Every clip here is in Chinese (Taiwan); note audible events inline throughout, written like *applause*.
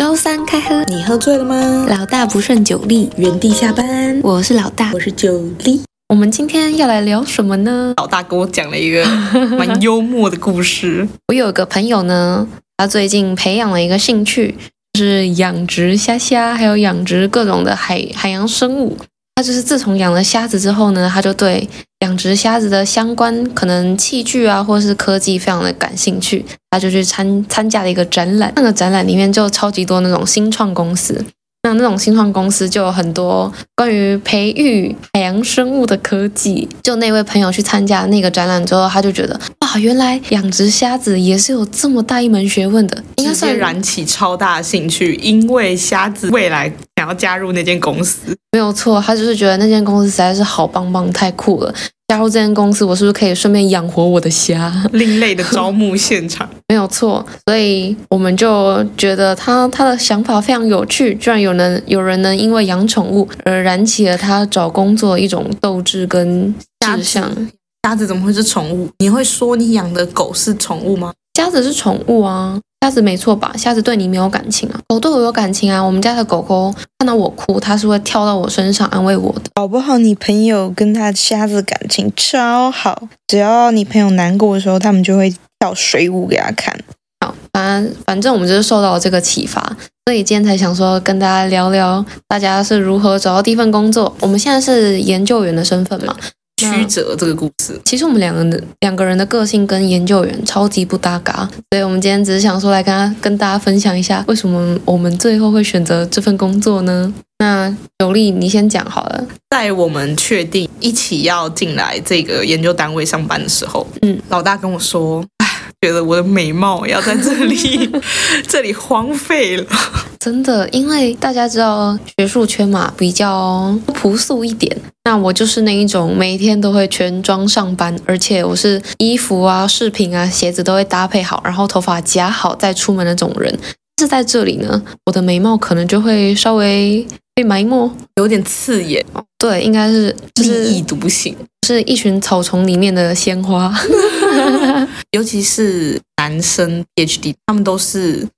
週三開喝，你喝醉了嗎？老大不勝酒力，原地下班。我是老大，我是酒力。我們今天要來聊什麼呢？老大給我講了一個蠻幽默的故事。 *laughs* 我有一個朋友呢，他最近培養了一個興趣，就是養殖蝦蝦，還有養殖各種的海海洋生物。他就是自從養了蝦子之後呢，他就對養殖蝦子的相關可能器具啊，或者是科技非常的感興趣，他就去參參加了一個展覽。那個展覽裡面就超級多那種新創公司。那那種新創公司就有很多關於培育海洋生物的科技。就那位朋友去參加那個展覽之後，他就覺得哇，原來養殖蝦子也是有這麼大一門學問的，應該算燃起超大興趣。因為蝦子未來想要加入那間公司，沒有錯，他就是覺得那間公司實在是好棒棒，太酷了。加入這間公司，我是不是可以順便養活我的蝦？另類的招募現場， *laughs* 沒有錯。所以我們就覺得他他的想法非常有趣，居然有人有人能因為養寵物而燃起了他找工作的一種鬥志跟志向。蝦子，蝦子怎麼會是寵物？你會說你養的狗是寵物嗎？蝦子是寵物啊。蝦子沒錯吧？蝦子對你沒有感情啊。狗，哦，對我有感情啊。我們家的狗狗看到我哭，它是會跳到我身上安慰我的。搞不好你朋友跟他蝦子感情超好，只要你朋友難過的時候，他們就會跳水舞給他看。好，反反正我們就是受到了這個啟發，所以今天才想說跟大家聊聊大家是如何找到第一份工作。我們現在是研究員的身份嘛？曲折這個故事，其實我們兩個人兩個人的個性跟研究員超級不搭嘎，所以我們今天只是想說來跟他跟大家分享一下，為什麼我們最後會選擇這份工作呢？那 Jolie 你先講好了，在我們確定一起要進來這個研究單位上班的時候，嗯，老大跟我說，哎，覺得我的美貌要在這裡 *laughs* 這裡荒廢了。真的，因為大家知道學術圈嘛，比較樸素一點。那我就是那一種每天都會全妝上班，而且我是衣服啊、飾品啊、鞋子都會搭配好，然後頭髮夾好再出門的這種人。但是在這裡呢，我的眉毛可能就會稍微被埋沒，有點刺眼。哦、對，應該是立意獨行，是一群草叢裡面的鮮花。 *laughs* *laughs* 尤其是男生 PhD，他們都是。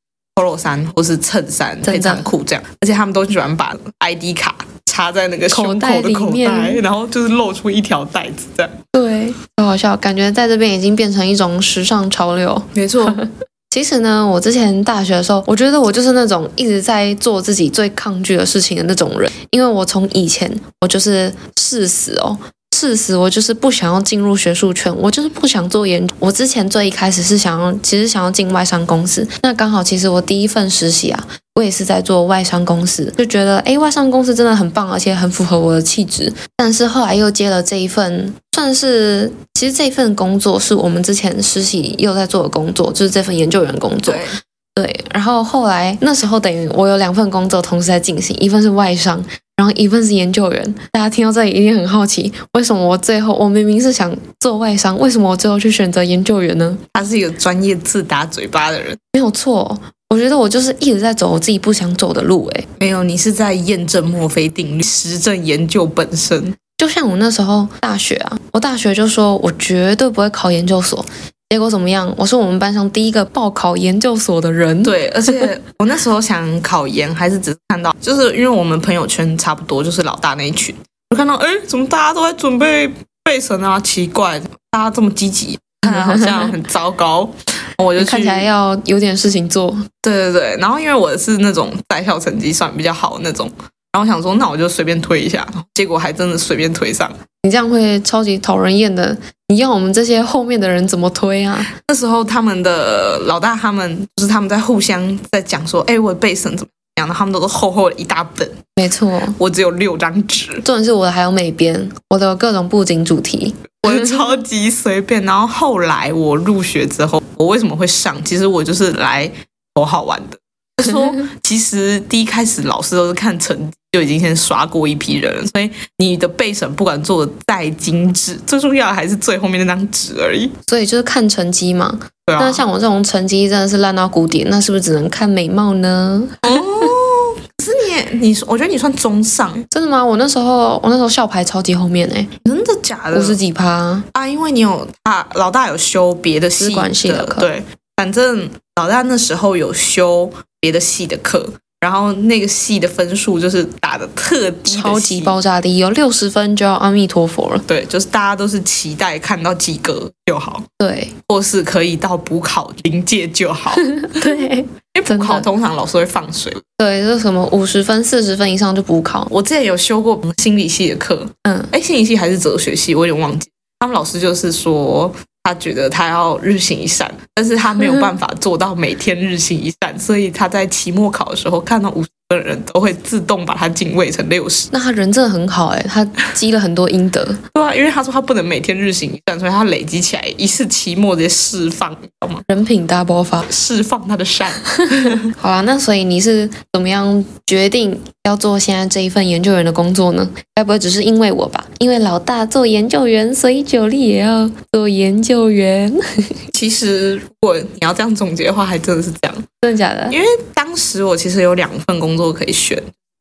polo 衫、或是襯衫，配長褲這樣，而且他們都喜歡把 ID 卡插在那個胸口的口袋、口袋裡面，然後就是露出一條帶子這樣。對，好好笑，感覺在這邊已經變成一種時尚潮流。沒錯， *laughs* 其實呢，我之前大學的時候，我覺得我就是那種一直在做自己最抗拒的事情的那種人，因為我從以前我就是誓死，哦。事實，我就是不想要進入學術圈，我就是不想做研究。我之前最一開始是想要，其實想要進外商公司。那剛好，其實我第一份實習啊，我也是在做外商公司，就覺得，誒，外商公司真的很棒，而且很符合我的氣質。但是後來又接了這一份，算是，其實這份工作是我們之前實習又在做的工作，就是這份研究員工作。對。對，然後後來，那時候等於我有兩份工作同時在進行，一份是外商。然後一份是研究員，大家聽到這裡一定很好奇，為什麼我最後我明明是想做外商，為什麼我最後去選擇研究員呢？他是有專業自打嘴巴的人，沒有錯。我覺得我就是一直在走我自己不想走的路。欸，誒沒有，你是在驗證墨菲定律，實證研究本身。就像我那時候大學啊，我大學就說，我絕對不會考研究所。結果怎麼樣？我是我們班上第一個報考研究所的人。對，而且我那時候想考研，還是只是看到， *laughs* 就是因為我們朋友圈差不多，就是老大那一群，我看到，哎，怎麼大家都在準備備審啊？奇怪，大家這麼積極，好 *laughs* 像很糟糕。 *laughs* 我就看起來要有點事情做。對對對，然後因為我是那種在校成績算比較好的那種。然後我想說，那我就隨便推一下，結果還真的隨便推上。你這樣會超級討人厭的，你讓我們這些後面的人怎麼推啊？那時候他們的老大他們就是他們在互相在講說，哎，我的備審怎麼樣？他們都是厚厚的一大本。沒錯，我只有六張紙。重點是我的，還有美編，我的各種布景主題， *laughs* 我超級隨便。然後後來我入學之後，我為什麼會上？其實我就是來圖好玩的。 *laughs* 是說：“其實第一開始，老師都是看成績，就已經先刷過一批人了。所以你的備審不管做的再精緻，最重要的還是最後面那張紙而已。所以就是看成績嘛對、啊。那像我這種成績真的是爛到谷底，那是不是只能看美貌呢？哦，可是你，你，我覺得你算中上。 *laughs* 真的嗎？我那時候，我那時候校排超級後面哎、欸，真的假的？五十幾趴啊！因為你有啊，老大有修別的，資管系的課，對。”反正老大那時候有修別的系的課，然後那個系的分數就是打得特低的，超級爆炸低哦，有六十分就要阿彌陀佛了。對，就是大家都是期待看到及格就好，對，或是可以到補考臨界就好。 *laughs* 對，因為補考通常老師會放水。對，就什麼五十分、四十分以上就補考。我之前有修過心理系的課，嗯，哎，心理系還是哲學系？我有點忘記。他們老師就是說，他覺得他要日行一善。但、就是他沒有辦法做到每天日行一善，嗯，所以他在期末考的時候看到五的人都會自動把他進位成六十。那他人真的很好誒、欸、他積了很多陰德。 *laughs* 對啊，因為他說他不能每天日行一善，所以他累積起來一次期末直接釋放，你知道嗎？人品大爆發，釋放他的善。 *laughs* *laughs* 好啊，那所以你是怎麼樣決定要做現在這一份研究員的工作呢？該不會只是因為我吧？因為老大做研究員，所以久力也要做研究員。 *laughs* 其實如果你要這樣總結的話，還真的是這樣。真的假的？因為當時我其實有兩份工作可以選，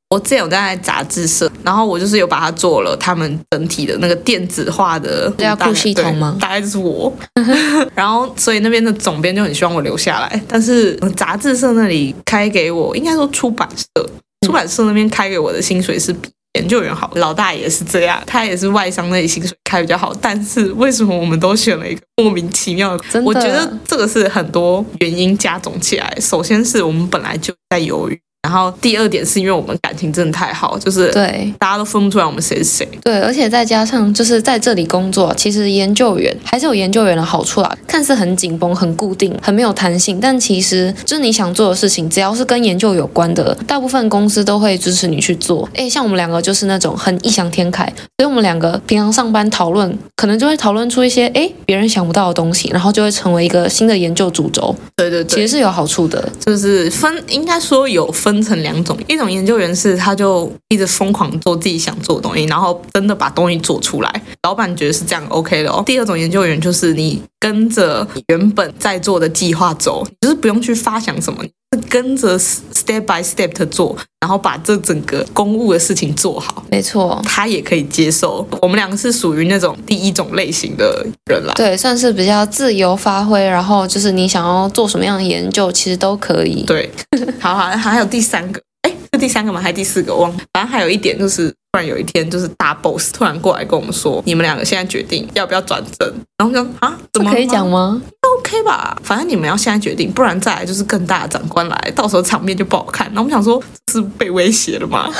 我之前有在雜誌社，然後我就是有把它做了他們整體的那個電子化的，叫顧系統嗎？呆着我， *laughs* 然後所以那邊的總編就很希望我留下來，但是雜誌社那裡開給我，應該說出版社，出版社那邊開給我的薪水是比。嗯研究員好，老大也是這樣，他也是外商那裡薪水開比較好，但是為什麼我們都選了一個莫名其妙的？真的。我覺得這個是很多原因加總起來。首先是我們本來就在猶豫。然後第二點是因為我們感情真的太好，就是對，大家都分不出來我們誰是誰。對，對，而且再加上就是在這裡工作，其實研究員還是有研究員的好處啦。看似很緊繃、很固定、很沒有彈性，但其實就是你想做的事情，只要是跟研究有關的，大部分公司都會支持你去做。哎，像我們兩個就是那種很異想天開，所以我們兩個平常上班討論，可能就會討論出一些哎別人想不到的東西，然後就會成為一個新的研究主軸。對對對，其實是有好處的，就是分應該說有分。分成兩種，一種研究員是他就一直瘋狂做自己想做的東西，然後真的把東西做出來，老板覺得是這樣 OK 的哦。第二種研究員就是你。跟着原本在做的計劃走，就是不用去發想什麼，是跟着 step by step 的做，然後把這整個公務的事情做好。沒錯，他也可以接受。我們兩個是屬於那種第一種類型的人啦。對，算是比較自由發揮，然後就是你想要做什麼樣的研究，其實都可以。對，好好，還有第三個。哎， *laughs* 這第三個嗎？還是第四個？忘了。反正還有一點就是。突然有一天，就是大 boss 突然過來跟我們說：“你們兩個現在決定要不要轉正？”然後就，啊，怎麼可以講嗎？啊，OK 吧，反正你們要現在決定，不然再來就是更大的長官來，到時候場面就不好看。然後我們想說，是被威脅了嗎？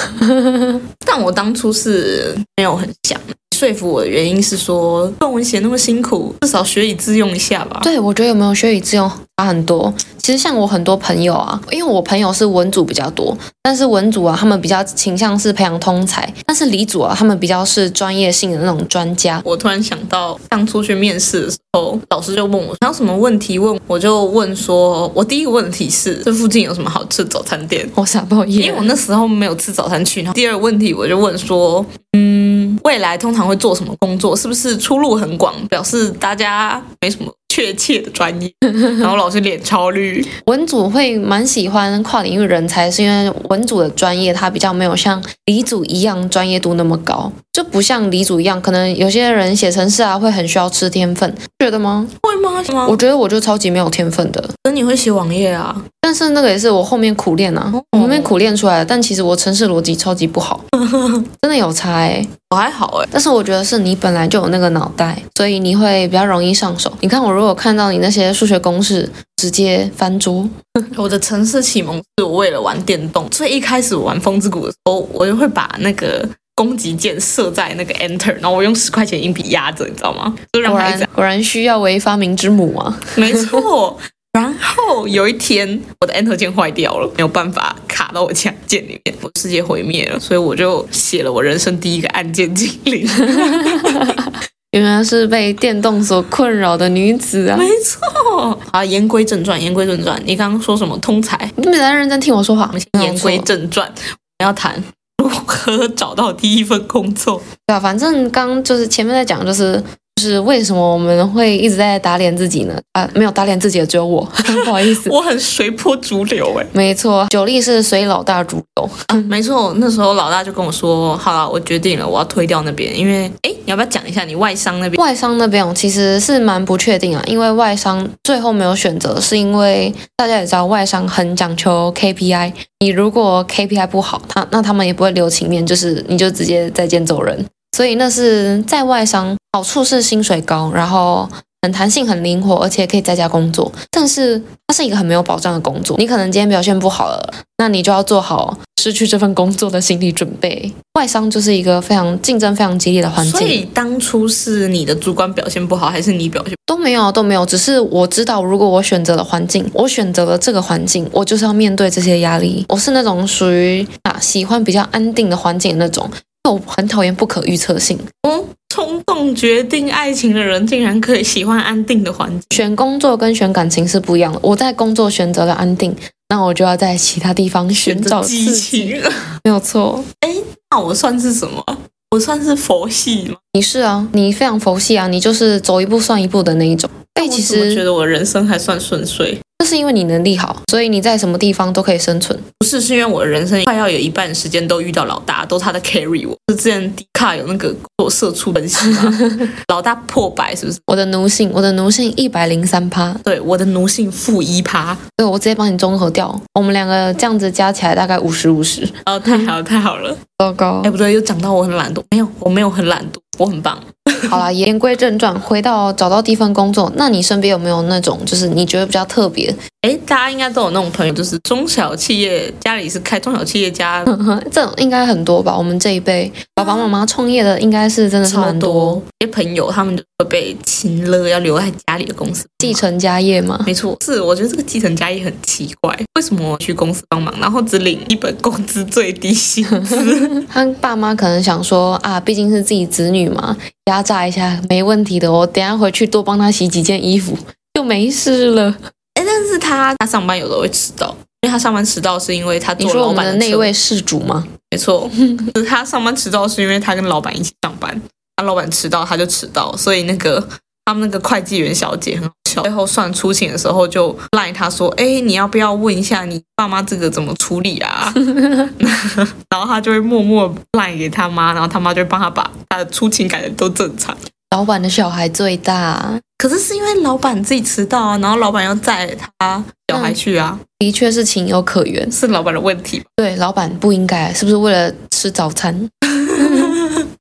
*laughs* 但我當初是沒有很想。說服我的原因是說，論文寫那麼辛苦，至少學以致用一下吧。對，我覺得有沒有學以致用差很多。其實像我很多朋友啊，因為我朋友是文組比較多，但是文組啊，他們比較傾向是培養通才；但是理組啊，他們比較是專業性的那種專家。我突然想到，像出去面試的時候，老師就問我還有什麼問題問，我就問說，我第一個問題是這附近有什麼好吃的早餐店？我傻爆眼，因為我那時候沒有吃早餐去，然後第二個問題我就問說，嗯。未來通常會做什麼工作？是不是出路很廣？表示大家沒什麼確切的專業，然後老師臉超綠。 *laughs* 文組會蠻喜歡跨領域人才，是因為文組的專業它比較沒有像理組一樣專業度那麼高，就不像理組一樣，可能有些人寫程式啊會很需要吃天分，覺得嗎？會嗎？我覺得我就超級沒有天分的。那你會寫網頁啊？但是那個也是我後面苦練啊，後面苦練出來的。但其實我程式邏輯超級不好，真的有差誒，我還好誒。但是我覺得是你本來就有那個腦袋，所以你會比較容易上手。你看我如果看到你那些數學公式，直接翻桌。我的程式啟蒙是我為了玩電動，所以一開始我玩風之谷的時候，我就會把那個攻擊鍵設在那個 Enter，然後我用十塊錢硬幣壓着，你知道嗎？果然果然需要為發明之母啊，沒錯。然後有一天，我的 Enter 鍵壞掉了。沒有辦法卡到我鍵裡面，我世界毀滅了，所以我就寫了我人生第一個按鍵精靈。原來是被電動所困擾的女子啊！沒錯。好，言歸正傳，言歸正傳，你剛剛說什麼通才？你沒在認真聽我說話。我們先想言歸正傳，我要談如何找到第一份工作。對啊，反正剛就是前面在講就是。就是為什麼我們會一直在打臉自己呢？啊，沒有打臉自己的只有我， *laughs* 不好意思， *laughs* 我很隨波逐流哎、欸。沒錯，九力是隨老大逐流、啊。沒錯，那時候老大就跟我說，好了，我決定了，我要推掉那邊，因為哎，你要不要講一下你外商那邊？外商那邊我其實是蠻不確定啊，因為外商最後沒有選擇，是因為大家也知道外商很講求 KPI，你如果 KPI 不好，他那，那他們也不會留情面，就是你就直接再見走人。所以那是在外商，好處是薪水高，然後很彈性、很靈活，而且可以在家工作。但是它是一個很沒有保障的工作，你可能今天表現不好了，那你就要做好失去這份工作的心理準備。外商就是一個非常競爭、非常激烈的環境。所以當初是你的主管表現不好，還是你表現不好？都沒有，都沒有，只是我知道，如果我選擇了環境，我選擇了這個環境，我就是要面對這些壓力。我是那種屬於啊喜歡比較安定的環境的那種。我很討厭不可預測性。嗯，衝動決定愛情的人，竟然可以喜歡安定的環境。選工作跟選感情是不一樣的。我在工作選擇了安定，那我就要在其他地方尋找激情。沒有錯。哎，那我算是什麼？我算是佛系嗎？你是啊，你非常佛系啊，你就是走一步算一步的那一種。哎，其實我覺得我人生還算順遂。這是因為你能力好，所以你在什麼地方都可以生存。不是，是因為我的人生快要有一半時間都遇到老大，都他在 carry 我。就之前迪卡有那個做社畜分析嘛， *laughs* 老大破百是不是？我的奴性，我的奴性一百零三趴，對，我的奴性負一趴，對，我直接幫你綜合掉。我們兩個這樣子加起來大概五十五十，哦，太好了太好了，糟糕！哎，不對，又講到我很懶惰，沒有，我沒有很懶惰。我很棒。 *laughs* 好啦，言歸正傳，回到找到第一份工作，那你身邊有沒有那種就是你覺得比較特別？哎、欸，大家應該都有那種朋友，就是中小企業家裡是開中小企業家的， *laughs* 這種應該很多吧？我們這一輩爸爸媽媽創業的，應該是真的蠻多。這些朋友他們就會被情勒，要留在家裡的公司繼承家業嘛？沒錯，是。我覺得這個繼承家業很奇怪，為什麼我去公司幫忙，然後只領一本工資最低薪？ *laughs* 他爸媽可能想說啊，畢竟是自己子女。壓榨一下沒問題的。我等一下回去多幫他洗幾件衣服，就沒事了。哎、欸，但是他他上班有時候會遲到，因為他上班遲到是因為他老闆。你說我們的那一位事主嗎？沒錯， *laughs* 他上班遲到是因為他跟老闆一起上班，他老闆遲到他就遲到，所以那個。他們那個會計員小姐很好笑，最後算出勤的時候就賴他說：“哎、欸，你要不要問一下你爸媽這個怎麼處理啊？” *laughs* *laughs* 然後他就會默默賴給他媽，然後他媽就幫他把他的出勤改的都正常。老闆的小孩最大，可是是因為老闆自己遲到啊，然後老闆要載他小孩去啊，的確是情有可原，是老闆的問題。對，老闆不應該，是不是為了吃早餐？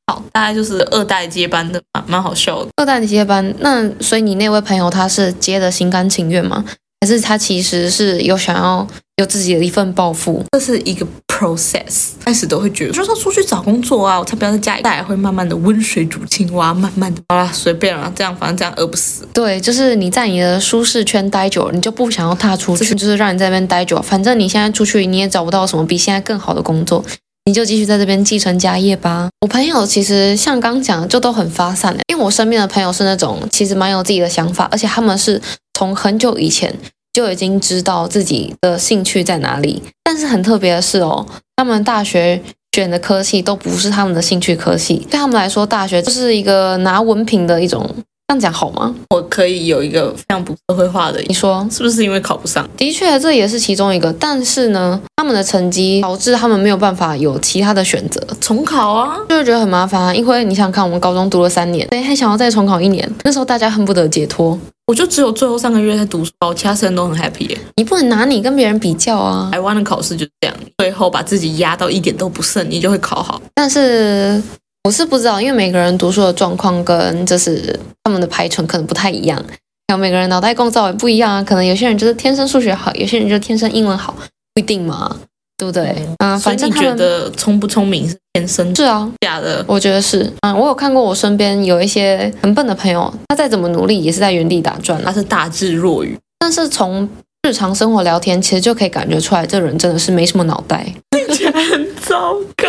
好，大概就是二代接班的蠻蠻好笑的。二代接班，那所以你那位朋友他是接的心甘情願嗎？還是他其實是有想要有自己的一份抱負？這是一個 process，開始都會覺得，就是說出去找工作啊，我才不要在家裡待，會慢慢的溫水煮青蛙，慢慢的。好啦，隨便啊，這樣反正這樣餓不死。對，就是你在你的舒適圈待久了，你就不想要踏出去是，就是讓你在那邊待久，反正你現在出去你也找不到什麼比現在更好的工作。你就繼續在這邊繼承家業吧。我朋友其實像剛講的，就都很發散，因為我身邊的朋友是那種，其實蠻有自己的想法，而且他們是從很久以前就已經知道自己的興趣在哪裡。但是很特別的是哦，他們大學選的科系都不是他們的興趣科系，對他們來說，大學就是一個拿文憑的一種。這樣講好嗎？我可以有一個非常不社會化的一。你說是不是因為考不上？的確，這也是其中一個。但是呢，他們的成績導致他們沒有辦法有其他的選擇，重考啊，就會覺得很麻煩啊。因為你想看，我們高中讀了三年，對，還想要再重考一年，那時候大家恨不得解脫。我就只有最後三個月在讀書，其他人都很 happy 耶。你不能拿你跟別人比較啊。台灣的考試就是這樣，最後把自己壓到一點都不剩，你就會考好。但是。我是不知道，因為每個人讀書的狀況跟就是他們的排程可能不太一樣，然後每個人腦袋構造也不一樣啊，可能有些人就是天生數學好，有些人就天生英文好，不一定嘛，嗯，對不對？嗯，反正他們覺得聰不聰明是天生，是啊，假的，我覺得是。嗯，我有看過我身邊有一些很笨的朋友，他再怎麼努力也是在原地打轉，他是大智若愚。但是從日常生活聊天，其實就可以感覺出來，這人真的是沒什麼腦袋，且很糟糕。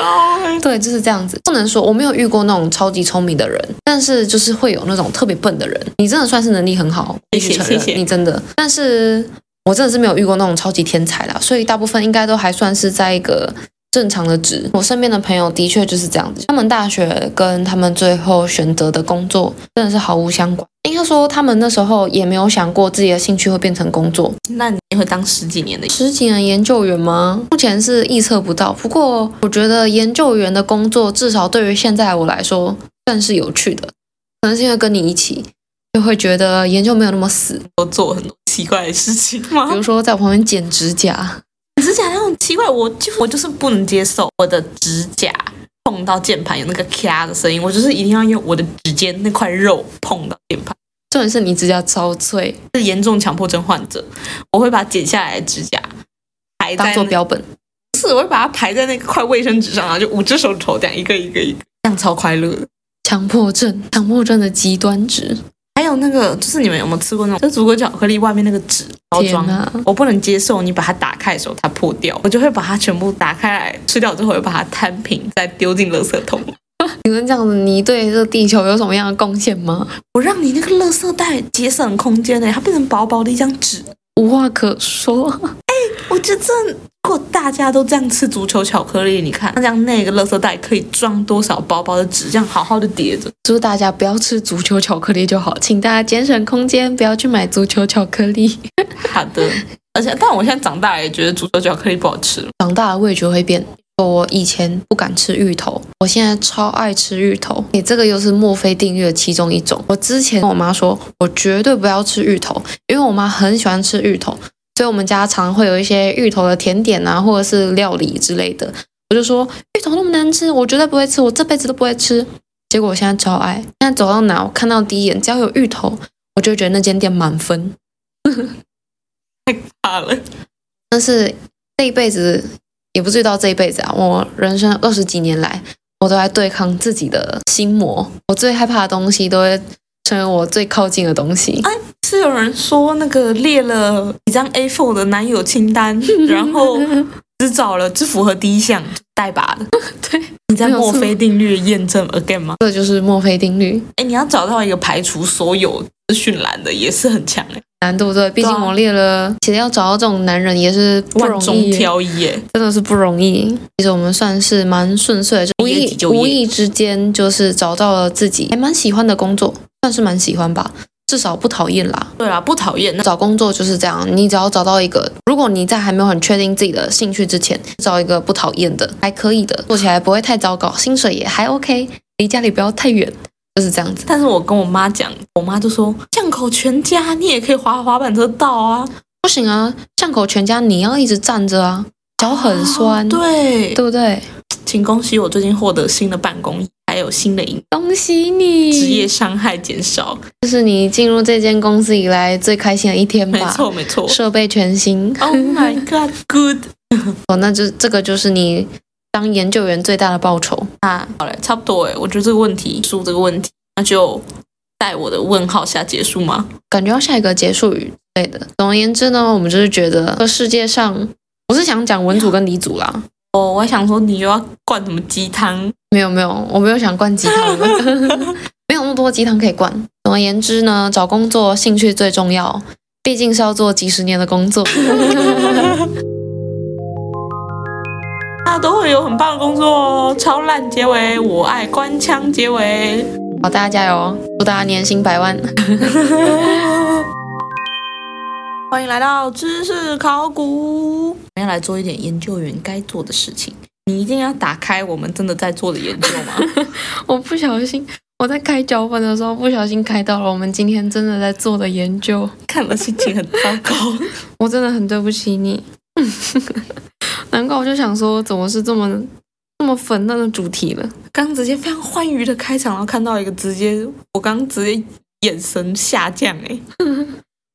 對，就是這樣子。不能說我沒有遇過那種超級聰明的人，但是就是會有那種特別笨的人。你真的算是能力很好，必須承認你真的。但是我真的是沒有遇過那種超級天才啦。所以大部分應該都還算是在一個，正常的職，我身邊的朋友的確就是這樣子，他們大學跟他們最後選擇的工作真的是毫無相關。應該說，他們那時候也沒有想過自己的興趣會變成工作。那你會當十幾年的十幾年研究員嗎？目前是預測不到。不過我覺得研究員的工作至少對於現在我來說算是有趣的，可能是因為跟你一起，就會覺得研究沒有那麼死，都做很多奇怪的事情嗎？比如說在我旁邊剪指甲。指甲那種奇怪，我就是、我就是不能接受我的指甲碰到鍵盤有那個咔的聲音，我就是一定要用我的指尖那塊肉碰到鍵盤。重點是你指甲遭罪，是嚴重強迫症患者。我會把剪下來的指甲排當做標本，是我會把它排在那塊衛生紙上啊，然後就五隻手指頭這樣一個，一個一個一個，這樣超快樂。強迫症，強迫症的極端值。還有那個，就是你們有沒有吃過那種，就組果巧克力外面那個紙包裝啊？我不能接受你把它打開的時候它破掉，我就會把它全部打開來吃掉之後，我又把它攤平再丟進垃圾桶。啊，你們這樣子，你對這個地球有什麼樣的貢獻嗎？我讓你那個垃圾袋節省空間呢，它變成薄薄的一張紙，無話可說。我覺得，如果大家都這樣吃足球巧克力，你看，那這樣那個垃圾袋可以裝多少薄薄的紙，這樣好好的疊着。祝大家不要吃足球巧克力就好，請大家節省空間，不要去買足球巧克力。 *laughs* 好的，而且，但我現在長大也覺得足球巧克力不好吃了，長大的味覺會變。我以前不敢吃芋頭，我現在超愛吃芋頭。你這個又是墨菲定律的其中一種。我之前跟我媽說，我絕對不要吃芋頭，因為我媽很喜歡吃芋頭。所以我們家常會有一些芋頭的甜點啊，或者是料理之類的。我就說芋頭那麼難吃，我絕對不會吃，我這輩子都不會吃。結果我現在超愛，現在走到哪我看到第一眼，只要有芋頭，我就覺得那間店滿分，太怕了。但是這一輩子，也不至於到這一輩子啊，我人生二十幾年來，我都在對抗自己的心魔。我最害怕的東西都會。成為我最靠近的東西。哎，是有人說那個，列了幾張 A4 的男友清單， *laughs* 然後只找了只符合第一項帶把的。拔 *laughs* 對，你在墨菲定律驗證 again 嗎？這就是墨菲定律。哎，你要找到一個排除所有訊欄的，也是很強哎，難度對。畢竟我列了，其實要找到這種男人也是不容易，萬中挑一哎，真的是不容易。其實我們算是蠻順遂的，就無意，就無意之間就是找到了自己還蠻喜歡的工作，算是蠻喜歡吧，至少不討厭啦。對啊，不討厭，那找工作就是這樣，你只要找到一個，如果你在還沒有很確定自己的興趣之前，找一個不討厭的，還可以的，做起來不會太糟糕，薪水也還 OK，離家裡不要太遠，就是這樣子。但是我跟我媽講，我媽就說巷口全家你也可以滑滑板車到啊，不行啊，巷口全家你要一直站着啊，腳很酸。哦，對，對不對？請恭喜我最近獲得新的辦公椅。有新的影，恭喜你！職業傷害減少，這是你進入這間公司以來最開心的一天吧？沒錯，沒錯，設備全新。Oh my god, *laughs* good！哦、oh,，那這這個就是你當研究員最大的報酬啊。好嘞，差不多哎，我覺得這個問題，輸這個問題，那就在我的問號下結束嗎？感覺要下一個結束語之類的。總而言之呢，我們就是覺得這世界上，我是想講文組跟理組啦。Yeah. 哦、oh,，我還想說，你又要灌什麼雞湯？沒有沒有，我沒有想灌雞湯， *laughs* 沒有那麼多雞湯可以灌。總而言之呢，找工作興趣最重要，畢竟是要做幾十年的工作。大 *laughs* 家、啊、都會有很棒的工作哦，超爛結尾，我愛官腔結尾，好，大家加油，祝大家年薪百萬。 *laughs* 歡迎來到知識考古。我們要來做一點研究員該做的事情。你一定要打開我們真的在做的研究嗎？ *laughs* 我不小心，我在開腳本的時候不小心開到了我們今天真的在做的研究，看了心情很糟糕。 *laughs* 我真的很對不起你。 *laughs* 難怪我就想說，怎麼是這麼這麼粉嫩的主題了？剛直接非常歡愉的開場，然後看到一個直接，我剛直接眼神下降、欸，哎 *laughs*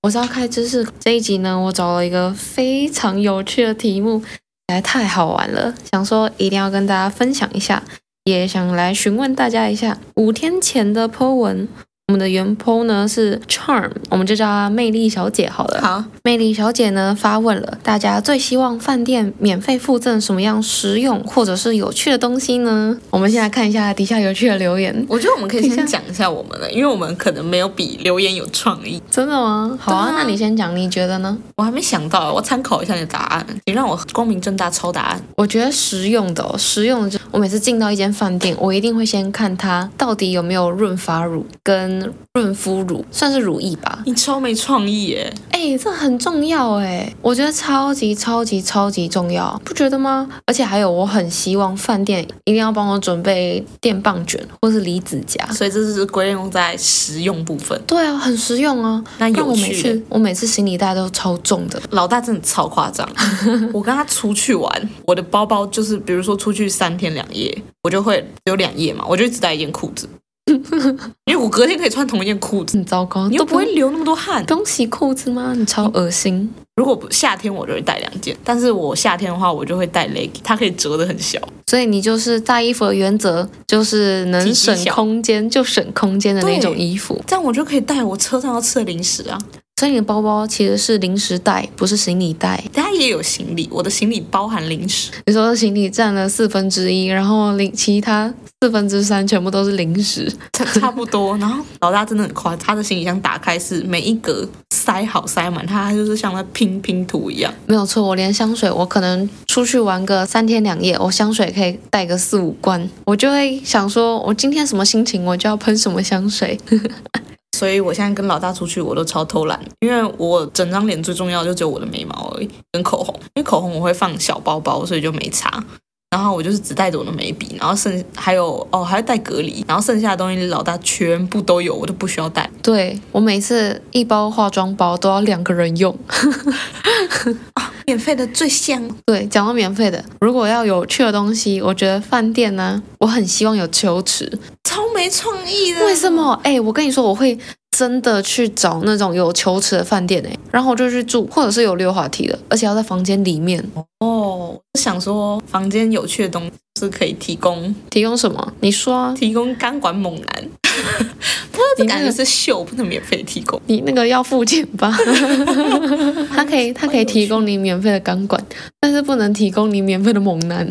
我是要開，知識這一集呢，我找了一個非常有趣的題目，實在太好玩了，想說一定要跟大家分享一下，也想來詢問大家一下，五天前的 po 文。我們的原 Po 呢是 Charm，我們就叫她魅力小姐好了。好，魅力小姐呢發問了，大家最希望飯店免費附贈什麼樣實用或者是有趣的東西呢？我們先來看一下底下有趣的留言。我覺得我們可以先講一下我們了，因為我們可能沒有比留言有創意。真的嗎？好啊，啊那你先講，你覺得呢？我還沒想到、啊，我參考一下你的答案。你讓我光明正大抄答案？我覺得實用的、哦，實用的就我每次進到一間飯店，我一定會先看它到底有沒有潤髮乳跟。潤膚乳算是乳液吧？你超沒創意哎！哎、欸，這很重要哎，我覺得超級超級超級重要，不覺得嗎？而且還有，我很希望飯店一定要幫我準備電棒捲或是離子夾，所以這就是歸用在實用部分。對啊，很實用啊。那我去我每次行李袋都超重的，老大真的超誇張。 *laughs* 我跟他出去玩，我的包包就是，比如說出去三天兩夜，我就會有兩夜嘛，我就只帶一件褲子。 *laughs* 因為我隔天可以穿同一件褲子，很糟糕。你都不會流那麼多汗，不用洗褲子嗎？你超噁心。如果不夏天我就會帶兩件，但是我夏天的話我就會帶 leggy，它可以折得很小。所以你就是帶衣服的原則，就是能省空間就省空間的那種衣服。這樣我就可以帶我車上要吃的零食啊。所以，你的包包其實是零食袋，不是行李袋。它也有行李，我的行李包含零食。你說的行李佔了四分之一，然後零其他四分之三全部都是零食，差差不多。然後老大真的很誇，他的行李箱打開是每一格塞好塞滿，他就是像在拼拼圖一樣。沒有錯，我連香水，我可能出去玩個三天兩夜，我香水可以帶個四五罐，我就會想說，我今天什麼心情，我就要噴什麼香水。 *laughs* 所以我現在跟老大出去，我都超偷懶，因為我整張臉最重要就只有我的眉毛而已，跟口紅。因為口紅我會放小包包，所以就沒擦。然後我就是只帶着我的眉筆，然後剩還有哦，還要帶隔離，然後剩下的東西老大全部都有，我都不需要帶。對我每次一包化妝包都要兩個人用， *laughs* 哦、免費的最香。對，講到免費的，如果要有趣的東西，我覺得飯店呢，我很希望有球池，超沒創意的。為什麼？哎，我跟你說，我會。真的去找那種有球池的飯店、欸、然後我就去住，或者是有溜滑梯的，而且要在房間裡面。哦，想說房間有趣的東西是可以提供，提供什麼？你說，提供鋼管猛男。你那個、不是，這感覺是秀，不能免費提供。你那個要付錢吧？他 *laughs* 可以，他可以提供你免費的鋼管，但是不能提供你免費的猛男。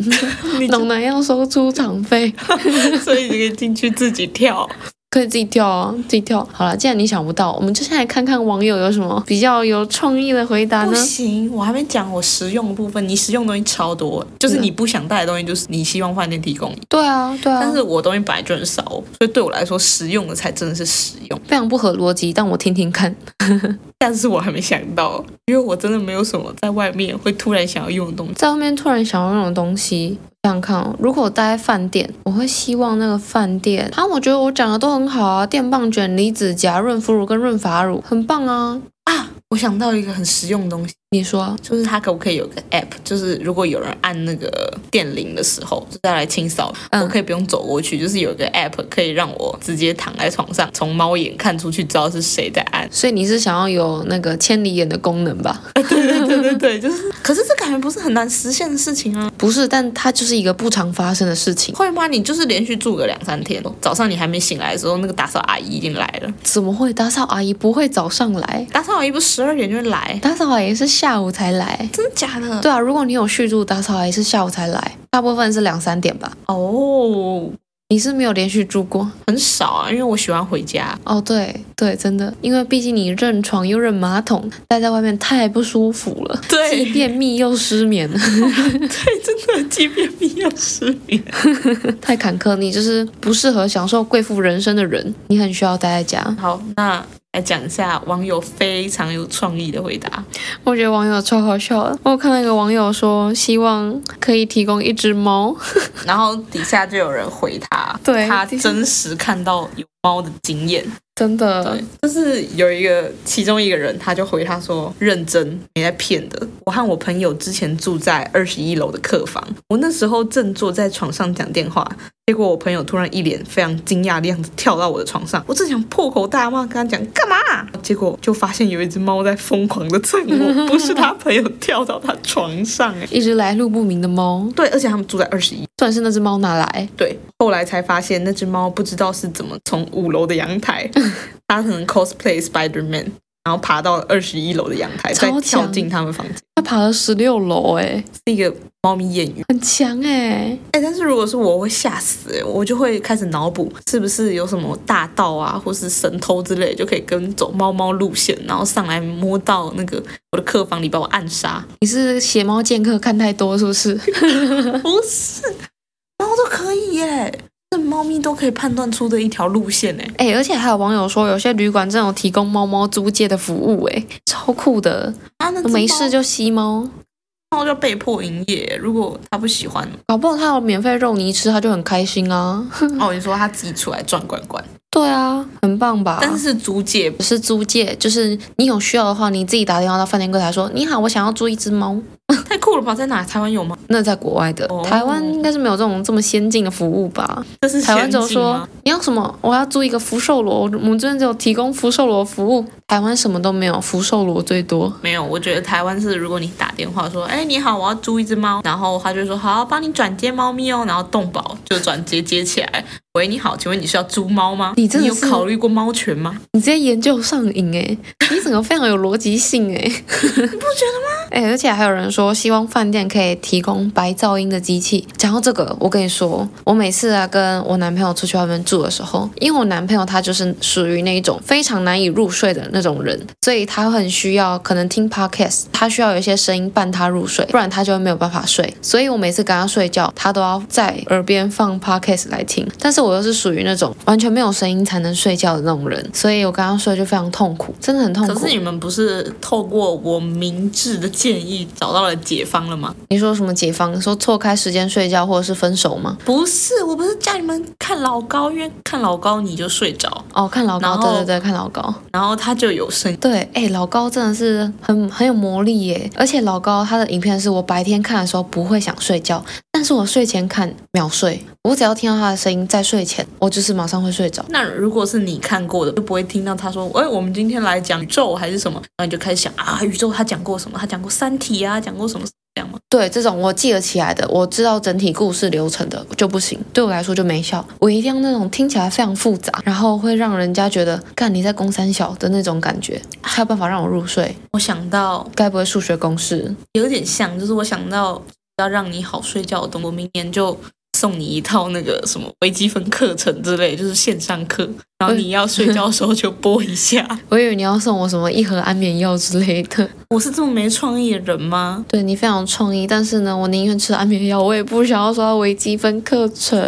猛男要收出場費， *laughs* 所以你可以進去自己跳。可以自己跳啊，哦，自己跳。好了，既然你想不到，我們就先來看看網友有什麼比較有創意的回答呢？不行，我還沒講我實用的部分。你實用的東西超多，就是你不想帶的東西，就是你希望飯店提供你。對啊，對啊。但是我東西本來就很少，所以對我來說實用的才真的是實用。非常不合邏輯，但我聽聽看。 *laughs* 但是我還沒想到，因為我真的沒有什麼在外面會突然想要用的東西，在外面突然想要用的東西。想想看哦，如果我待在飯店，我會希望那個飯店……啊，我覺得我講的都很好啊，電棒捲、離子夾、潤膚乳跟潤髮乳，很棒啊！啊，我想到一個很實用的東西。你說，就是它，可不可以有個 app，就是如果有人按那個電鈴的時候，就再來清掃，我可以不用走過去，就是有個 app 可以讓我直接躺在床上，從貓眼看出去知道是誰在按。所以你是想要有那個千里眼的功能吧？對、啊、對對對對，就是。可是這感覺不是很難實現的事情啊。不是，但它就是一個不常發生的事情。會嗎？你就是連續住個兩三天，早上你還沒醒來的時候，那個打掃阿姨已經來了。怎麼會？打掃阿姨不會早上來？打掃阿姨不十二點就來？打掃阿姨是。下午才來，真的假的？對啊，如果你有續住打掃，還是下午才來，大部分是兩三點吧。哦、oh，你是沒有連續住過，很少啊，因為我喜歡回家。哦，對對，真的，因為畢竟你認床又認馬桶，待在外面太不舒服了。對，既便秘又失眠。Oh, 對，真的，既便秘又失眠， *laughs* 太坎坷。你就是不適合享受貴婦人生的人，你很需要待在家。好，那。來講一下網友非常有創意的回答，我覺得網友超好笑的，我看到一個網友說，希望可以提供一隻貓， *laughs* 然後底下就有人回他，對，他真實看到有貓的經驗，真的。就是有一個其中一個人，他就回他說，認真沒在騙的。我和我朋友之前住在二十一樓的客房，我那時候正坐在床上講電話。結果我朋友突然一臉非常驚訝的樣子跳到我的床上，我正想破口大罵，跟他講幹嘛啊，結果就發現有一隻貓在瘋狂的蹭我，不是他朋友跳到他床上，欸，哎，一隻來路不明的貓。對，而且他們住在二十一，算是那隻貓哪來？對，後來才發現那隻貓不知道是怎麼從五樓的陽台， *laughs* 它可能 cosplay Spider-Man。然後爬到二十一樓的陽台，才跳進他們房間。他爬了十六樓，哎，是一個貓咪演員，很強哎哎、欸！但是如果是我，會嚇死哎，我就會開始腦補，是不是有什麼大盜啊，或是神偷之類，就可以跟走貓貓路線，然後上來摸到那個我的客房裡，把我暗殺？你是寫貓劍客看太多是不是？ *laughs* 不是，貓都可以耶。這貓咪都可以判斷出的一條路線呢，誒、欸，而且還有網友說，有些旅館真有提供貓貓租借的服務，誒，超酷的。啊，那沒事就吸貓，貓就被迫營業。如果他不喜歡，搞不好他有免費肉泥吃，他就很開心啊。 *laughs* 哦，你說，他自己出來賺罐罐。 *laughs* 對啊，很棒吧？但是租借不是租借，就是你有需要的話，你自己打電話到飯店櫃檯說：“你好，我想要租一隻貓。”太酷了吧？在哪？台灣有嗎？那在國外的，哦、台灣應該是沒有這種這麼先進的服務吧？是台灣只有說你要什麼？我要租一個福壽螺，我們這邊只有提供福壽螺服務。台灣什麼都沒有，福壽螺最多。沒有，我覺得台灣是，如果你打電話說，哎、欸，你好，我要租一只貓，然後他就說，好，幫你轉接貓咪哦，然後動保就轉接接起來。喂，你好，請問你需要租貓嗎？你真的你有考慮過貓權嗎？你直接研究上癮哎、欸，你整個非常有邏輯性哎、欸， *laughs* 你不覺得嗎？哎、欸，而且還有人說。說希望飯店可以提供白噪音的機器。講到這個，我跟你說，我每次啊跟我男朋友出去外面住的時候，因為我男朋友他就是屬於那一種非常難以入睡的那種人，所以他很需要可能聽 podcast，他需要有一些聲音伴他入睡，不然他就會沒有辦法睡。所以我每次跟他睡覺，他都要在耳邊放 podcast 來聽。但是我又是屬於那種完全沒有聲音才能睡覺的那種人，所以我跟他睡就非常痛苦，真的很痛苦。可是你們不是透過我明智的建議找到？了解放了嗎？你說什麼解放？說錯開時間睡覺，或者是分手嗎？不是，我不是叫你們看老高，因為看老高你就睡着哦。看老高，對對對，看老高，然後他就有聲音。對，哎、欸，老高真的是很很有魔力耶。而且老高他的影片是我白天看的時候不會想睡覺，但是我睡前看秒睡。我只要聽到他的聲音在睡前，我就是馬上會睡着。那如果是你看過的，就不會聽到他說，哎、欸，我們今天來講宇宙還是什麼，然後你就開始想啊，宇宙他講過什麼？他講過《三體》啊，講。聽什麼講嗎？對，這種我記得起來的，我知道整體故事流程的就不行，對我來說就沒效。我一定要那種聽起來非常複雜，然後會讓人家覺得“幹你在攻三小”的那種感覺，還有辦法讓我入睡。我想到該不會數學公式有點像，就是我想到要讓你好睡覺的我，我明年就。送你一套那個什麼微積分課程之類，就是線上課。然後你要睡覺的時候就播一下。我以為你要送我什麼一盒安眠藥之類的。我是這麼沒創意的人嗎？對，你非常有創意，但是呢，我寧願吃安眠藥，我也不想要說微積分課程。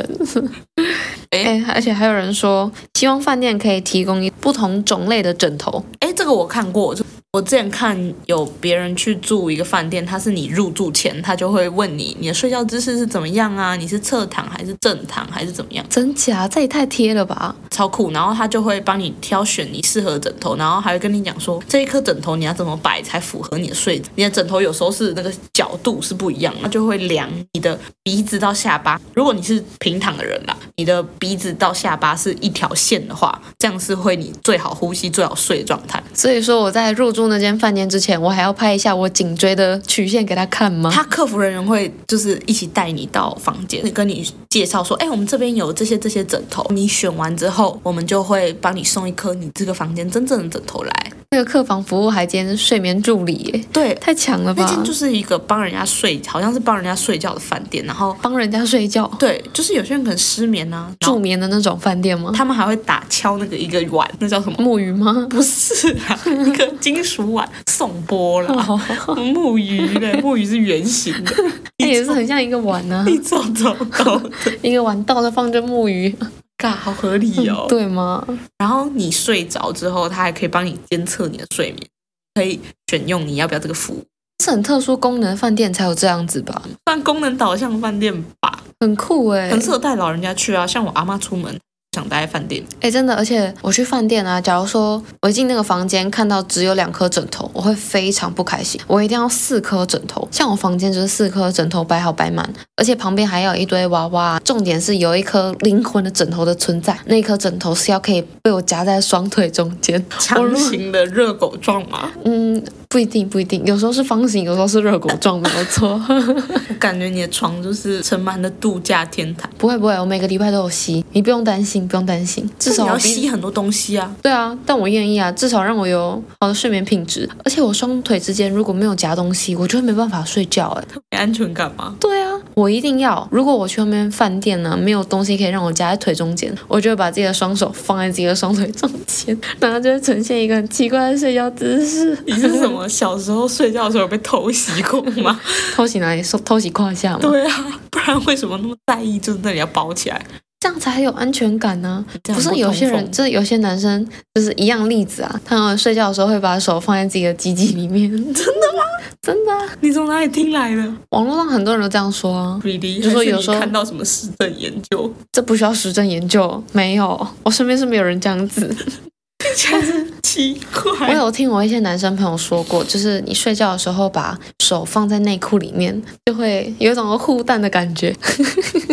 哎、欸欸，而且還有人說，希望飯店可以提供不同種類的枕頭。哎、欸，這個我看過就。我之前看有別人去住一個飯店，他是你入住前，他就會問你，你的睡覺姿勢是怎麼樣啊？你是側躺還是正躺還是怎麼樣？真假？這也太貼了吧，超酷！然後他就會幫你挑選你適合的枕頭，然後還會跟你講說，這一顆枕頭你要怎麼擺才符合你的睡。你的枕頭有時候是那個角度是不一樣，那就會量你的鼻子到下巴。如果你是平躺的人啦，你的鼻子到下巴是一條線的話，這樣是會你最好呼吸最好睡的狀態。所以說我在入住。那間飯店之前，我還要拍一下我頸椎的曲線給他看嗎？他客服人員會就是一起帶你到房間，跟你介紹說，哎、欸，我們這邊有這些這些枕頭，你選完之後，我們就會幫你送一顆你這個房間真正的枕頭來。那個客房服務還兼睡眠助理、欸，對，太強了吧？那間就是一個幫人家睡，好像是幫人家睡覺的飯店，然後幫人家睡覺。對，就是有些人可能失眠啊，助眠的那種飯店嗎？他們還會打敲那個一個碗，那叫什麼？木魚嗎？不是啊，一個 *laughs* 屬碗送波了，木、oh. 魚咧，木魚是圓形的，那、 *laughs* 欸、也是很像一個碗啊。一 *laughs* 一個碗倒着放着木魚，嘎，好合理哦， *laughs* 對嗎？然後你睡着之後，它還可以幫你監測你的睡眠，可以選用你要不要這個服務，是很特殊功能飯店才有這樣子吧？算功能導向飯店吧，很酷哎、欸，很適合帶老人家去啊，像我阿媽出門。想待在飯店，哎，真的，而且我去飯店啊，假如說我一進那個房間看到只有兩顆枕頭，我會非常不開心。我一定要四顆枕頭，像我房間就是四顆枕頭擺好擺滿，而且旁邊還有一堆娃娃。重點是有一顆靈魂的枕頭的存在，那顆枕頭是要可以被我夾在雙腿中間，強行的熱狗狀嗎？嗯。不一定不一定，有時候是方形，有時候是熱狗狀的。沒錯，我感覺你的床就是盛滿了度假天堂。不會不會，我每個禮拜都有吸，你不用擔心，不用擔心。至少你要吸很多東西啊。對啊，但我願意啊，至少讓我有好的睡眠品質。而且我雙腿之間如果沒有夾東西，我就會沒辦法睡覺。哎，沒安全感嗎？對啊，我一定要。如果我去外面飯店呢，沒有東西可以讓我夾在腿中間，我就會把自己的雙手放在自己的雙腿中間，然後就會呈現一個很奇怪的睡覺姿勢。你是什麼？ *laughs* 小時候睡覺的時候有被偷襲過嗎？ *laughs* 偷襲哪裡？偷襲胯下嗎？對啊，不然為什麼那麼在意？就是那裡要包起來，這樣才有安全感呢、啊。不是有些人，就是有些男生，就是一樣例子啊。他們睡覺的時候會把手放在自己的雞雞裡面。真的嗎？ *laughs* 真的？你從哪裡聽來的？網絡上很多人都這樣說啊。r、Really? 就說有時候看到什麼實證研究，這不需要實證研究。沒有，我身邊是沒有人這樣子。 *laughs* *laughs* 奇怪，我有聽我一些男生朋友說過，就是你睡覺的時候把手放在內褲裡面，就會有一種護蛋的感覺。 *laughs*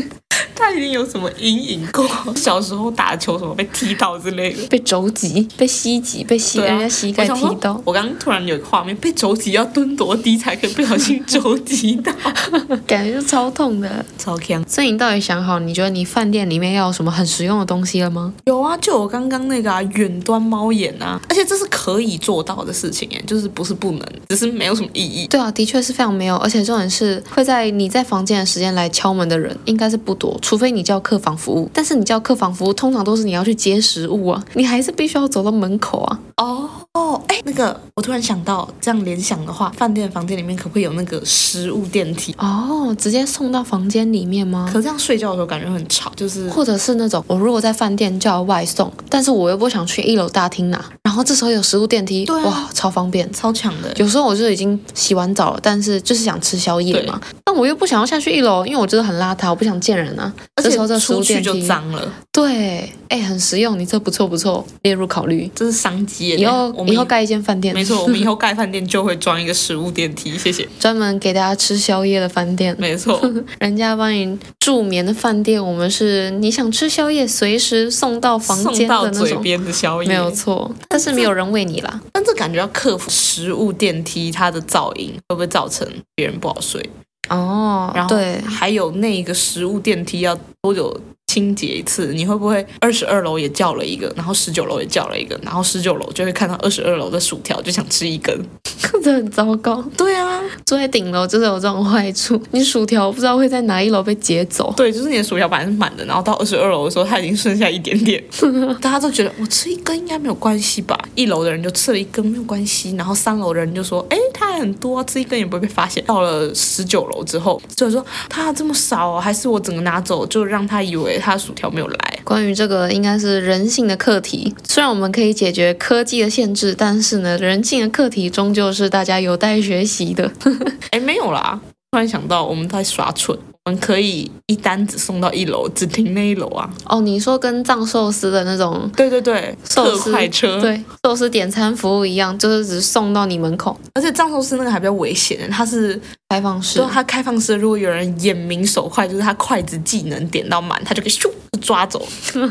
他一定有什麼陰影過，小時候打球什麼被踢到之類的，被肘擊、被膝擊、被、啊、膝蓋踢到。我，我剛剛突然有一個畫面，被肘擊要蹲多低才可以不小心肘擊到， *laughs* 感覺就超痛的，超鏘。所以你到底想好，你覺得你飯店裡面要有什麼很實用的東西了嗎？有啊，就我剛剛那個啊，遠端貓眼啊，而且這是可以做到的事情耶，就是不是不能，只是沒有什麼意義。對啊，的確是非常沒有，而且這種是會在你在房間的時間來敲門的人，應該是不多出。除非你叫客房服務，但是你叫客房服務，通常都是你要去接食物啊，你還是必須要走到門口啊。哦。哦，哎，那個，我突然想到，這樣聯想的話，飯店房間裡面可不可以有那個食物電梯？哦、oh，直接送到房間裡面嗎？可是這樣睡覺的時候感覺很吵，就是，或者是那種，我如果在飯店叫外送，但是我又不想去一樓大廳拿，啊，然後這時候有食物電梯對，啊，哇，超方便，超強的。有時候我就已經洗完澡了，但是就是想吃宵夜嘛，但我又不想要下去一樓，因為我真的很邋遢，我不想見人啊，而這時候這個食物電梯就髒了。對，哎、欸，很實用，你這不錯不錯，列入考慮，這是商機，以後。哦以後蓋一間飯店，沒錯，我們以後蓋飯店就會裝一個食物電梯，謝謝，專門給大家吃宵夜的飯店，沒錯， *laughs* 人家幫你助眠的飯店，我們是你想吃宵夜，隨時送到房間的那種。送到嘴邊的宵夜，沒有錯，但是沒有人餵你啦，但。但這感覺要克服食物電梯它的噪音會不會造成別人不好睡？哦，然後對，還有那個食物電梯要多久？清潔一次，你會不會二十二樓也叫了一個，然後十九樓也叫了一個，然後十九樓就會看到二十二樓的薯條，就想吃一根，這很糟糕。對啊，坐在頂樓真的有這種壞處，你薯條不知道會在哪一樓被劫走。對，就是你的薯條反正是滿的，然後到二十二樓的時候，它已經剩下一點點。大家都覺得我吃一根應該沒有關係吧？一樓的人就吃了一根沒有關係，然後三樓的人就說：“哎，它還很多，吃一根也不會被發現。”到了十九樓之後，就說：“它這麼少啊，還是我整個拿走，就讓他以為。”他薯條沒有來。關於這個，應該是人性的課題。雖然我們可以解決科技的限制，但是呢，人性的課題終究是大家有待學習的。哎、 *laughs* 欸，沒有啦。突然想到，我們在耍蠢，我們可以一單只送到一樓，只停那一樓啊！哦，你說跟藏壽司的那種？對對對，壽司快車，對壽司點餐服務一樣，就是只送到你門口。而且藏壽司那個還比較危險，它是開放式，它開放式，如果有人眼明手快，就是他筷子技能點到滿，他就可以咻就抓走。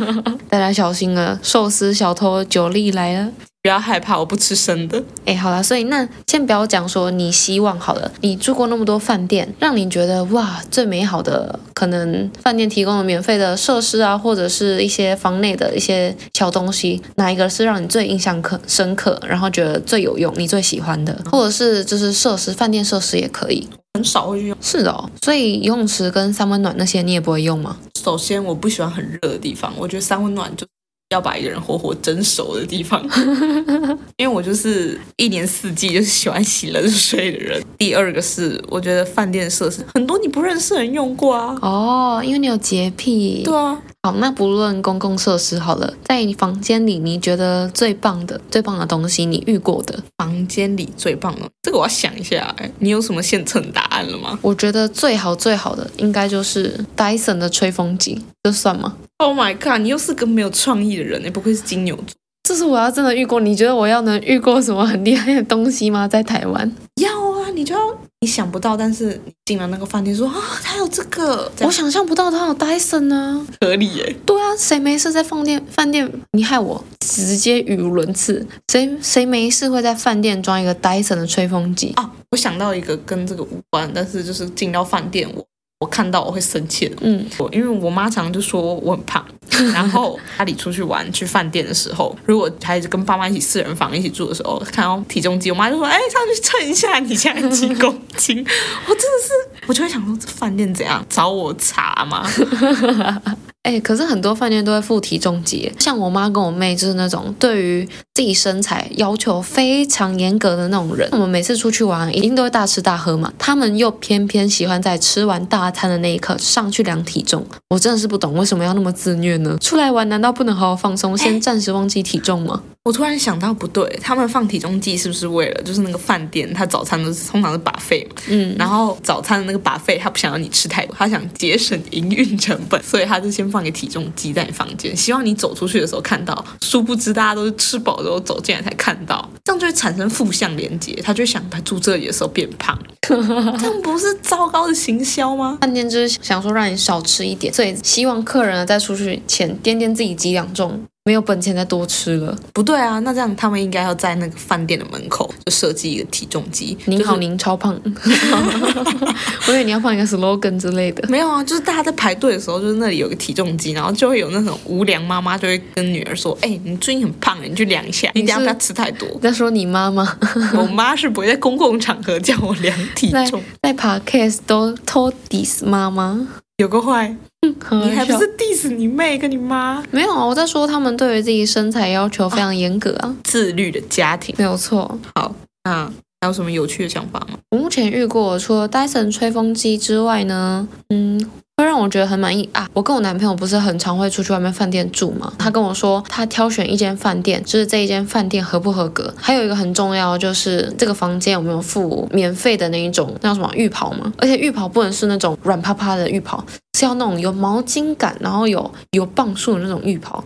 *laughs* 大家小心了，壽司小偷 Jolie 來了。不要害怕，我不吃生的。哎、欸，好啦，所以那先不要講說你希望好了。你住過那麼多飯店，讓你覺得哇，最美好的可能飯店提供的免費的設施啊，或者是一些房內的一些小東西，哪一個是讓你最印象可深刻，然後覺得最有用，你最喜歡的，或者是就是設施，飯店設施也可以。很少會用。是的哦，所以游泳池跟三溫暖那些你也不會用嗎？首先，我不喜歡很熱的地方，我覺得三溫暖就。要把一個人活活蒸熟的地方， *laughs* 因為我就是一年四季就是喜歡洗冷水的人。第二個是，我覺得飯店設施很多你不認識的人用過啊。哦，因為你有潔癖。對啊。好，那不論公共設施好了，在你房間裡你覺得最棒的、最棒的東西，你遇過的房間裡最棒的，這個我要想一下哎。你有什麼現成答案了嗎？我覺得最好最好的應該就是 Dyson 的吹風機。這算嗎？Oh my god！你又是個沒有創意的人，你不愧是金牛座。這是我要真的遇過，你覺得我要能遇過什麼很厲害的東西嗎？在台灣要啊，你就要你想不到，但是你進了那個飯店說啊，他有這個，我想象不到他有 Dyson 呢。啊，合理耶、欸。對啊，誰沒事在飯店飯店？你害我直接語無倫次。誰誰沒事會在飯店裝一個 Dyson 的吹風機啊？我想到一個跟這個無關，但是就是進到飯店我。我看到我會生氣的，嗯，我因為我媽常常就說我很胖，然後家裡出去玩去飯店的時候，如果還是跟爸媽一起四人房一起住的時候，看到體重機，我媽就說：“哎、欸，上去稱一下，你現在幾公斤？”我真的是，我就會想說，這飯店怎樣找我碴嗎？ *laughs* 哎、欸，可是很多飯店都會附體重計。像我媽跟我妹就是那種對於自己身材要求非常嚴格的那種人。我們每次出去玩一定都會大吃大喝嘛，他們又偏偏喜歡在吃完大餐的那一刻上去量體重，我真的是不懂為什麼要那麼自虐呢？出來玩難道不能好好放鬆，先暫時忘記體重嗎？欸我突然想到，不對，他們放體重計是不是為了，就是那個飯店，他早餐都是通常是把 u 嘛，嗯，然後早餐的那個把 u 他不想讓你吃太多，他想節省營運成本，所以他就先放個體重計在你房間，希望你走出去的時候看到，殊不知大家都是吃飽之後走進來才看到，這樣就會產生負向連結，他就想住這裡的時候變胖， *laughs* 這樣不是糟糕的行銷嗎？飯店就是想說讓你少吃一點，所以希望客人在出去前掂掂自己幾兩重。沒有本錢再多吃了，不對啊，那這樣他們應該要在那個飯店的門口就設計一個體重機。您好，就是、您超胖。哈哈哈哈哈。我以為你要放一個 slogan 之類的。沒有啊，就是大家在排隊的時候，就是那裡有個體重機，然後就會有那種無良媽媽就會跟女兒說：“哎、欸，你最近很胖，你去量一下，你家不要吃太多。”再說你媽媽， *laughs* 我媽是不會在公共場合叫我量體重。在 podcast 都偷 diss 媽媽。有個壞、嗯，你還不是 diss 你妹跟你媽？沒有啊，我在說他們對於自己身材要求非常嚴格啊，啊，自律的家庭沒有錯。好，那、啊。還有什麼有趣的想法嗎？我目前遇過，除了戴森吹風機之外呢，嗯，會讓我覺得很滿意啊。我跟我男朋友不是很常會出去外面飯店住嘛，他跟我說他挑選一間飯店，就是這一間飯店合不合格。還有一個很重要就是這個房間有沒有附免費的那一種，那叫什麼浴袍嘛？而且浴袍不能是那種軟趴趴的浴袍，是要那種有毛巾感，然後有有磅數的那種浴袍。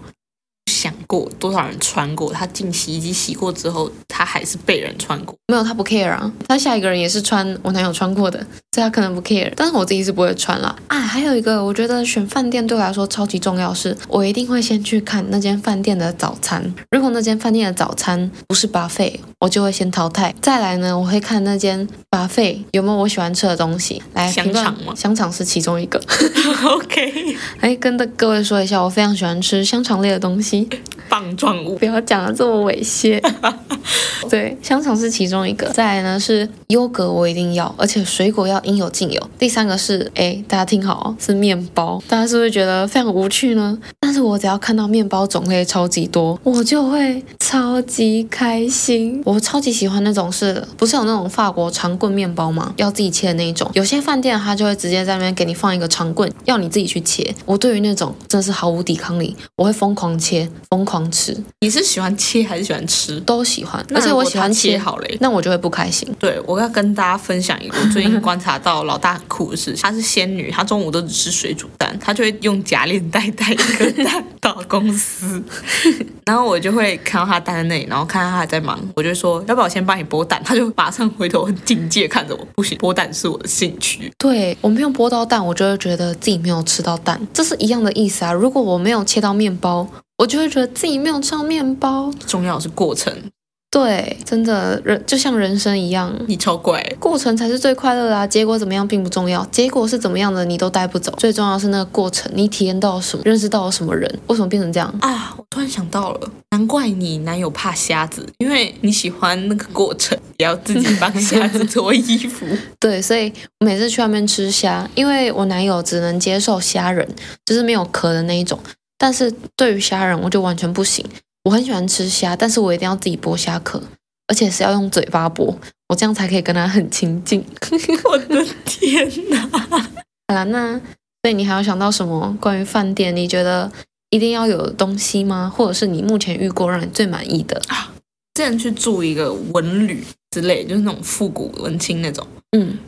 想過多少人穿過？他進洗衣機洗過之後，他還是被人穿過。沒有，他不 care 啊。他下一個人也是穿我男友穿過的，所以他可能不 care。但是我自己是不會穿啦。啊，還有一個，我覺得選飯店對我來說超級重要是，是我一定會先去看那間飯店的早餐。如果那間飯店的早餐不是 buffet，我就會先淘汰。再來呢，我會看那間 buffet 有沒有我喜歡吃的東西。來，香腸嗎？香腸是其中一個。 *laughs* OK。跟的各位說一下，我非常喜歡吃香腸類的東西。棒狀物，不要講得這麼猥褻。 *laughs* 對，香腸是其中一個。再來呢是優格，我一定要，而且水果要應有盡有。第三個是，誒、欸，大家聽好哦，是麵包。大家是不是覺得非常無趣呢？但是我只要看到麵包種類超級多，我就會超級開心。我超級喜歡那種是，不是有那種法國長棍麵包嗎？要自己切的那一種。有些飯店他就會直接在那邊給你放一個長棍，要你自己去切。我對於那種真的是毫無抵抗力，我會瘋狂切，瘋狂吃，你是喜歡切還是喜歡吃？都喜歡，而且我喜歡切，切好嘞，那我就會不開心。對，我要跟大家分享一個我最近觀察到老大很酷的事情。她 *laughs* 是仙女，她中午都只吃水煮蛋，她就會用夾鏈袋帶一個蛋 *laughs* 到公司，然後我就會看到她蛋內，然後看到她還在忙，我就說，要不要先幫你剝蛋？她就馬上回頭很警戒看着我，不行，剝蛋是我的興趣。對，我沒有剝到蛋，我就會覺得自己沒有吃到蛋，這是一樣的意思啊。如果我沒有切到面包。我就會覺得自己沒有吃到麵包。重要的是過程，對，真的人就像人生一樣。你超怪，過程才是最快樂的啊。結果怎麼樣並不重要，結果是怎麼樣的你都帶不走，最重要是那個過程，你體驗到了什麼，認識到了什麼人，為什麼變成這樣啊？我突然想到了，難怪你男友怕蝦子，因為你喜歡那個過程，也要自己幫蝦子脫衣服。 *laughs* 對，所以我每次去外面吃蝦，因為我男友只能接受蝦仁，就是沒有殼的那一種。但是對於蝦仁，我就完全不行。我很喜歡吃蝦，但是我一定要自己剝蝦殼，而且是要用嘴巴剝，我這樣才可以跟它很親近。 *laughs* 我的天哪！好了，那所以你還有想到什麼關於飯店？你覺得一定要有的東西嗎？或者是你目前遇過讓你最滿意的啊？之前去住一個文旅之類，就是那種復古文青那種。嗯，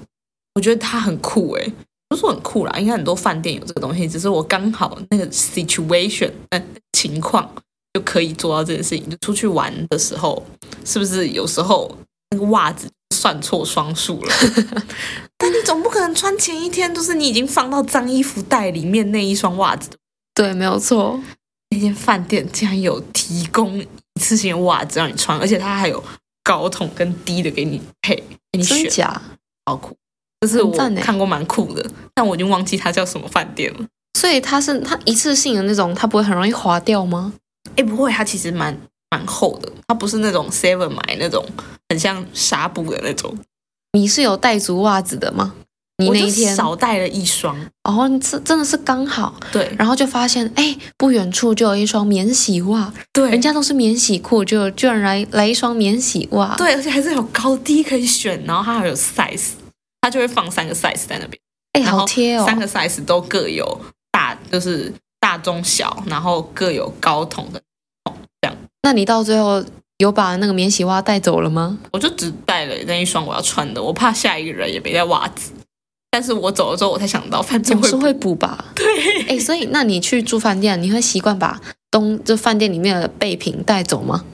我覺得它很酷誒、欸不是說很酷啦，應該很多飯店有這個東西，只是我剛好那個 situation 哎，情況就可以做到這件事情。就出去玩的時候，是不是有時候那個襪子算錯雙數了？ *laughs* 但你總不可能穿前一天都是你已經放到髒衣服袋裡面那一雙襪子。對，沒有錯。那間飯店竟然有提供一次性的襪子讓你穿，而且它還有高筒跟低的給你配。真假？給你選。好酷。就是我看過蠻酷的，欸、但我已經忘記它叫什麼飯店了。所以它是它一次性的那種，它不會很容易滑掉嗎？哎，不會，它其實蠻蠻厚的，它不是那種 seven 買那種很像紗布的那種。你是有帶足襪子的嗎？你那一天少帶了一雙。哦，你這真的是剛好。對，然後就發現，哎，不遠處就有一雙免洗襪。對，人家都是免洗褲，就居然來來一雙免洗襪。對，而且還是有高低可以選，然後它還有 size。他就會放三個 size 在那邊，哎、欸，好貼哦！三個 size 都各有大，欸哦、大就是大、中、小，然後各有高筒的，這樣。那你到最後有把那個免洗襪帶走了嗎？我就只帶了那一雙我要穿的，我怕下一個人也沒帶襪子。但是我走了之後，我才想到，反正總是會補吧？對。哎、欸，所以那你去住飯店，你會習慣把東就飯店裡面的備品帶走嗎？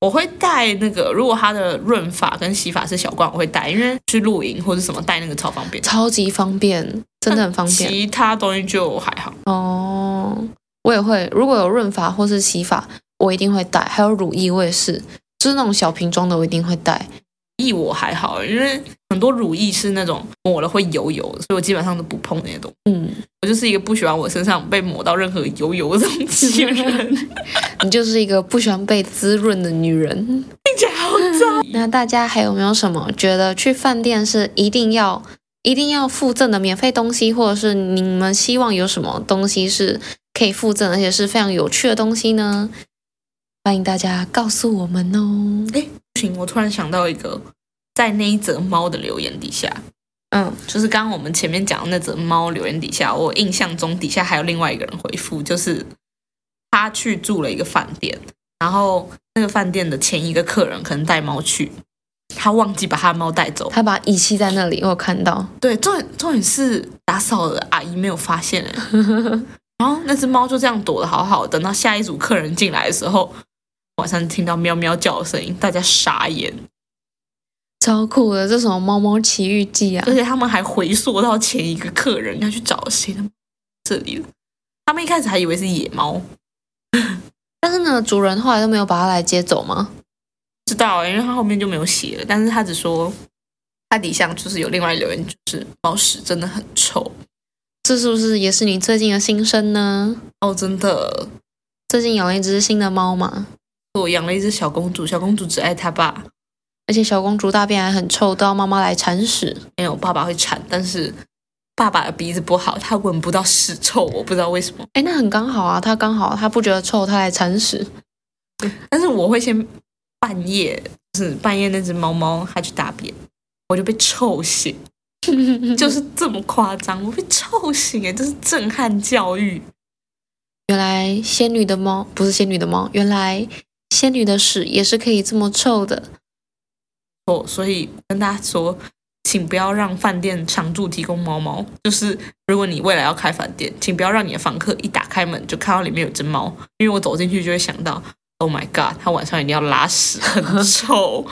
我會帶那個，如果它的潤髮跟洗髮是小罐，我會帶，因為去露營或者什麼帶那個超方便，超級方便，真的很方便。其他東西就還好。哦，我也會，如果有潤髮或是洗髮，我一定會帶，還有乳液，我也是，就是那種小瓶裝的，我一定會帶。意我還好，因為很多乳液是那種抹了會油油的，所以我基本上都不碰那些東西。嗯，我就是一個不喜歡我身上被抹到任何油油的東西的人。 *laughs* 你就是一個不喜歡被滋潤的女人，並且好髒。 *laughs* 那大家還有沒有什麼覺得去飯店是一定要一定要附贈的免費東西，或者是你們希望有什麼東西是可以附贈，而且是非常有趣的東西呢？歡迎大家告訴我們哦。誒我突然想到一個，在那一則貓的留言底下，嗯，就是剛剛我們前面講的那則貓留言底下，我印象中底下還有另外一個人回復，就是他去住了一個飯店，然後那個飯店的前一個客人可能帶貓去，他忘記把他的貓帶走，他把遺棄在那裡，我有看到。對，重重點是打掃的阿姨沒有發現， *laughs* 然後那隻貓就這樣躲得好好，等到下一組客人進來的時候。晚上聽到喵喵叫的聲音，大家傻眼，超酷的！這什麼《貓貓奇遇記》啊？而且他們還回溯到前一個客人，要去找誰？這裡，他們一開始還以為是野貓，但是呢，主人後來都沒有把它來接走嗎？知道，因為他後面就沒有寫了。但是他只說，他底下就是有另外一留言，就是貓屎真的很臭。這是不是也是你最近的心聲呢？哦，真的，最近養了一隻新的貓嘛？我養了一隻小公主，小公主只愛她爸，而且小公主大便還很臭，都要媽媽來鏟屎。沒有，爸爸會鏟，但是爸爸的鼻子不好，他聞不到屎臭，我不知道為什麼。哎、欸，那很剛好啊，他剛好，他不覺得臭，他來鏟屎、嗯。但是我會先半夜，就是半夜那隻貓貓它去大便，我就被臭醒， *laughs* 就是這麼誇張，我被臭醒哎，這、就是震撼教育。原來仙女的貓不是仙女的貓，原來。仙女的屎，也是可以這麼臭的，哦、oh，所以跟大家說，請不要讓飯店常駐提供貓貓。就是如果你未來要開飯店，請不要讓你的房客一打開門就看到裡面有隻貓，因為我走進去就會想到，Oh my God，它晚上一定要拉屎，很臭。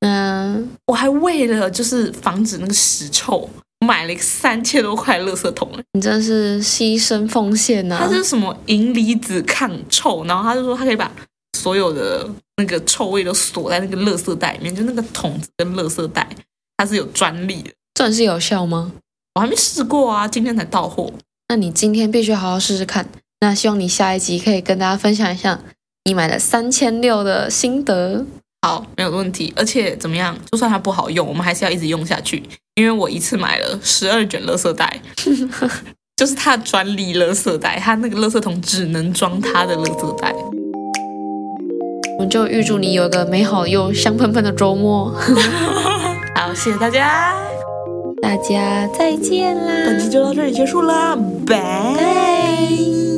嗯 *laughs* *laughs* *laughs* 我還為了就是防止那個屎臭，買了一個三千多塊垃圾桶。你真是犧牲奉獻呢、啊。它是什麼銀離子抗臭，然後他就說他可以把。所有的那個臭味都鎖在那個垃圾袋裡面，就那個桶跟垃圾袋，它是有專利的。算是有效嗎？我還沒試過啊，今天才到貨。那你今天必須好好試試看。那希望你下一集可以跟大家分享一下你買了三千六的心得。好，沒有問題。而且怎麼樣，就算它不好用，我們還是要一直用下去，因為我一次買了十二卷垃圾袋， *laughs* 就是它的專利垃圾袋，它那個垃圾桶只能裝它的垃圾袋。我們就預祝你有一個美好又香噴噴的周末。 *laughs* 好，謝謝大家，大家再見啦！本期就到這裡結束啦，拜拜。